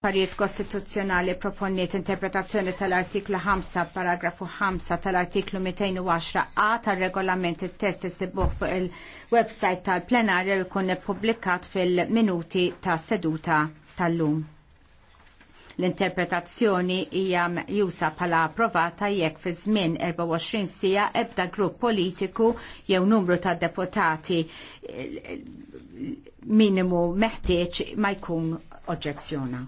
Parijiet kostituzzjonali proponiet interpretazzjoni tal-artiklu 5, paragrafu 5 tal-artiklu 210a tal-regolament il-test isibuħ fuq il-websajt tal-plenarja jkun publikat fil-minuti ta' seduta tal-lum. L-interpretazzjoni hija jusa pala approvata jekk fi żmien 24 sija ebda grupp politiku jew numru ta' deputati minimu meħtieġ ma jkun oġġezzjona.